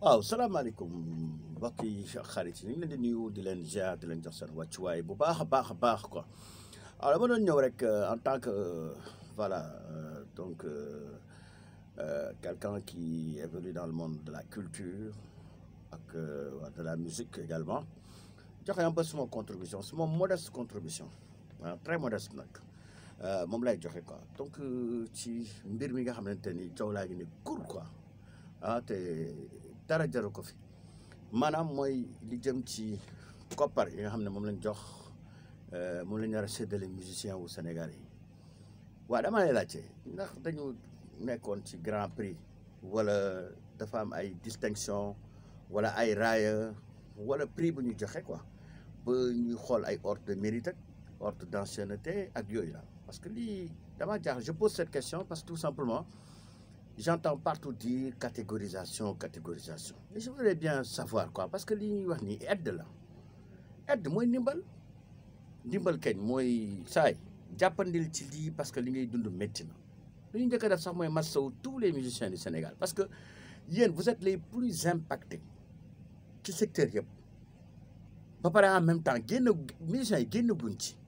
waaw salaamaaleykum mbokk yi xarit yi ñu ngi leen di di leen jaar di jox seen wàccuwaay bu baax a baax a baax quoi alors dama doon ñëw rek euh, en tant que euh, voilà euh, donc quelqu'un qui évolue dans le monde de la culture ak de la joxe un peu suma contribution suma modeste contribution ah très nag moom lay joxe quoi donc ci mbir mi nga xamante ni coow laa ngi ne kur quoi ah, dara jaru ko fi maanaam mooy li jëm ci koppar yi nga xam ne moom lañ jox euh, moom lañ nar a séddale musicien wu Sénégal yi waaw dama lay laajte ndax dañu nekkoon ci grand prix wala dafa am ay distinction wala ay raaya wala prix bu ñu joxe quoi ba ñuy xool ay ordre de mérite ak ordre d'ancienneté ak yooyu la parce que lii dama jaax je pose cette question parce que tout simplement j'entends partout dire catégorisation catégorisation mais je voudrais bien savoir quoi parce que li ñuy wax nii aide la aide mooy ndimbal ndimbal kañ mooy saay jàppandil ci lii parce que li ngay dund métti na lu ñu njëkk def sax mooy massawu tous les musiciens du Sénégal parce que yéen vous êtes les plus impactés ci secteur yëpp ba pare en même temps génn musiciens yi génn guñ ci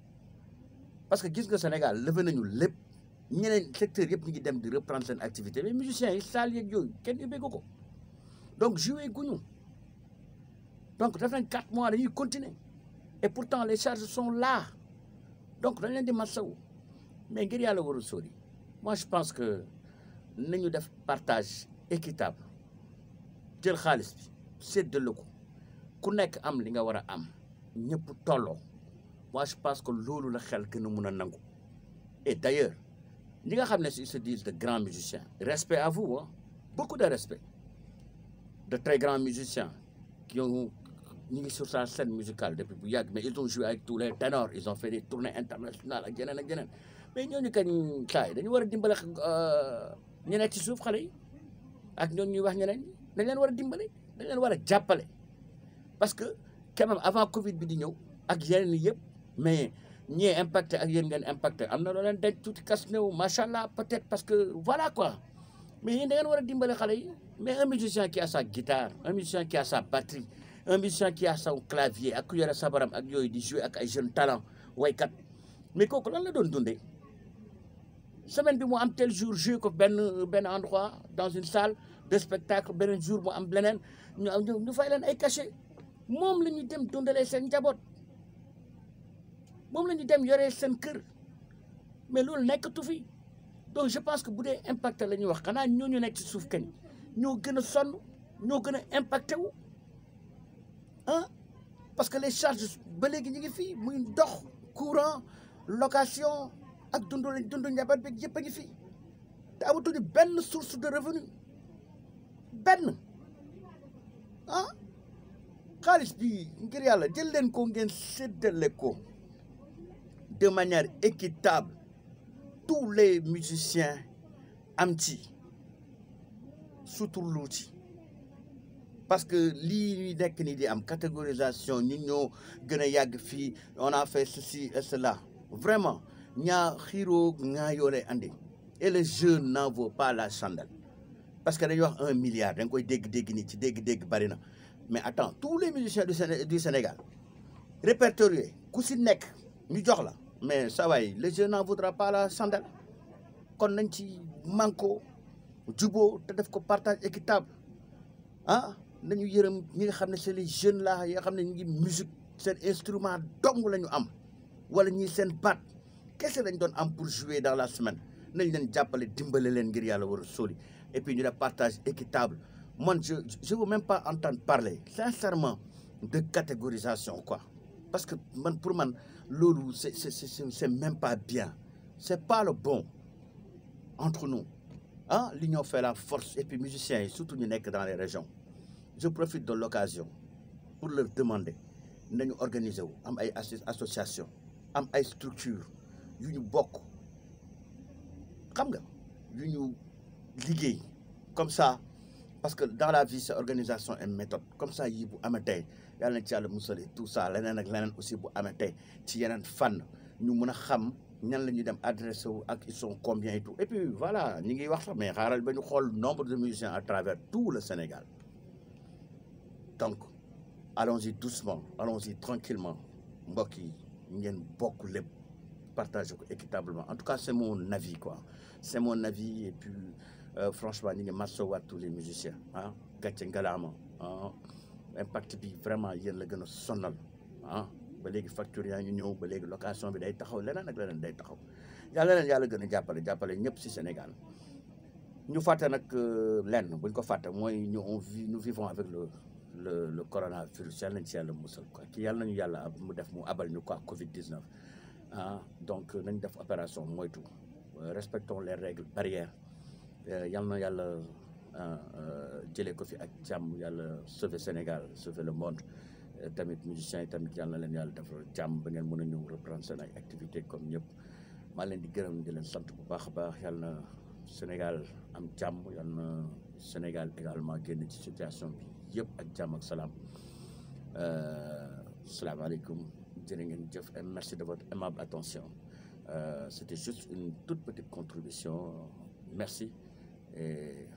parce que gis nga Sénégal levé nañu lépp ñeneen secteur yëpp ñu ngi dem di reprendre seen activité mais musiciens yi salle yeeg yooyu kenn ubbee ko ko donc joué guñu donc daf quatre mois de yi continuer et pourtant les charges sont là donc dañ leen di masawu mais ngir yàlla warul sóor yi je pense que nañu def partage équitable jël xaalis bi séddale ko ku nekk am li nga war a am ñëpp tolloo moi je pense que loolu la xel gën a mun a nangu et d'ailleurs ñi nga xam ne ils se de grands musiciens respect à vous hein beaucoup de respect de très grands musiciens qui ont ñu ngi sur sa scène musicale depuis bu yàgg mais ils ont joué avec tous les ténors ils ont fait des tournées internationales ak yeneen ak yeneen mais ñooñu kañ saa yi dañu war a dimbale euh, ñu nekk ci suuf xale yi ak ñooñu ñuy wax ñeneen ñi dañ leen war a dimbale dañ leen war a jàppale parce que quand avant Covid bi di ñëw ak yeneen yëpp mais. ñee impacté ak yéen ngeen impacté am na loo leen denc tuuti kas néew macha allah peut-être parce que voilà quoi mais yéen da war a dimbale xale mais un musicien qui a sa guitare un musicien qui a sa batterie un musicien qui a son clavier ak ku yore ak yooyu di jouer ak ay jeunes talent kat mais kooku lan la doon dundee semaine bi mu am tel jour jouer ko benn benn endroit dans une salle de spectacle beneen jour mu am leneen ñu ñu fay leen ay cachet moom la ñu dem dundalee seen njaboot. moom la ñu dem yoree seen kër mais loolu nekkatu fi donc je pense que bu dee impacté la ñuy wax xanaa ñooñu nekk ci suuf kañ ñoo gën a sonn ñoo gën a impacté wu parce que les charge ba léegi ñu ngi fii muy ndox courant location ak dundu dundu njaboot bi yëpp a ngi fii te amatuñu benn suuf su source a revenu benn ah xaalis bi ngir yàlla jël leen ko ngeen séddale ko. de manière équitable tous les musiciens am ci suturlu ci parce que lii ñuy nekk ni di am catégorisation ñun ñoo gën a yàgg fii on a fait ceci et cela vraiment ñaa xiiroo ñaa yoo lay andi et le jeu n'en vaut pas la chandelle parce que dañuy wax un milliard da nga koy dégg-dégg nii ci dégg-dégg bari na mais attends tous les musiciens du Sénégal répertoriés ku si nekk ñu jox la mais saa waay le jeu n'en voudra pas la sandale kon nañ ci manko juboo te def ko partage équitable ah nañu yërëm ñi nga xam ne c'est les jeunes là yoo xam ne ñu ngi musique seen instrument dong la ñu am wala ñii seen baat kese lañ doon am pour jouer dans la semaine nañ leen jàppale dimbale leen ngir yàlla war soli sóoli et puis ñu def partage équitable man je je veux même pas entendre parler sincèrement de catégorisation quoi parce que man pour man loolu c'est même pas bien c'est pas le bon entre nous ah l'union fait la force et puis yi surtout ñu nekk dans les régions je profite de l'occasion pour le demander nañu organiser wu am ay association am ay structure yu ñu bokk xam nga yu ñu liggéey comme ça parce que dans la organisation et méthode comme ça yi bu amatee yàlla nañ ci yàlla musali tout sa leneen ak leneen aussi bu amee tey ci yeneen fànn ñu mën a xam ñan la ñuy dem adressé wu ak ils sont combien et tout et puis voilà ñi ngi wax sax mais xaaral ba ñu xool nombre de musiciens à travers tout le Sénégal donc allons-y doucement allons-y tranquillement mbokk yi ngeen bokk lépp partage ko équitablement en tout cas c'est mon avis quoi c'est mon avis et puis euh, franchement ñu ngi masawaat tous les musiciens ah gàcce ngalaama ah. impact bi vraiment yéen la gën a sonal ah ba léegi facture yaa ngi ñëw ba léegi location bi day taxaw leneen ak leneen day taxaw yàlla leen yàlla gën a jàppale jàppale ñëpp si Sénégal ñu fàtte nag euh, lenn buñ ko fàtte mooy ñu on vit nous vivons avec le le le coronavirus yàlla nañ si yàlla musal ko ci yàlla nañu yàlla mu def mu abal ñu ko quoi Covid 19 ah donc nañ def opération moytu respectons les règles barrières euh, yàlla na yàlla. Euh, euh, jëlee ko fi ak jàmm yàlla sauver Sénégal sauver le monde euh, tamit musiciens yi tamit yàlla leen yàlla defal jàmm ba ngeen mën a ñëw reprendre seen ay activités comme ñëpp maa leen di gërëm di leen sant bu baax a baax yàlla na Sénégal am jàmm yàlla na Sénégal également génn ci situation bi yëpp ak jàmm ak salaam salaamaaleykum jërë ngeen jëf et merci de votre aimable attention c'était juste une toute petite contribution merci et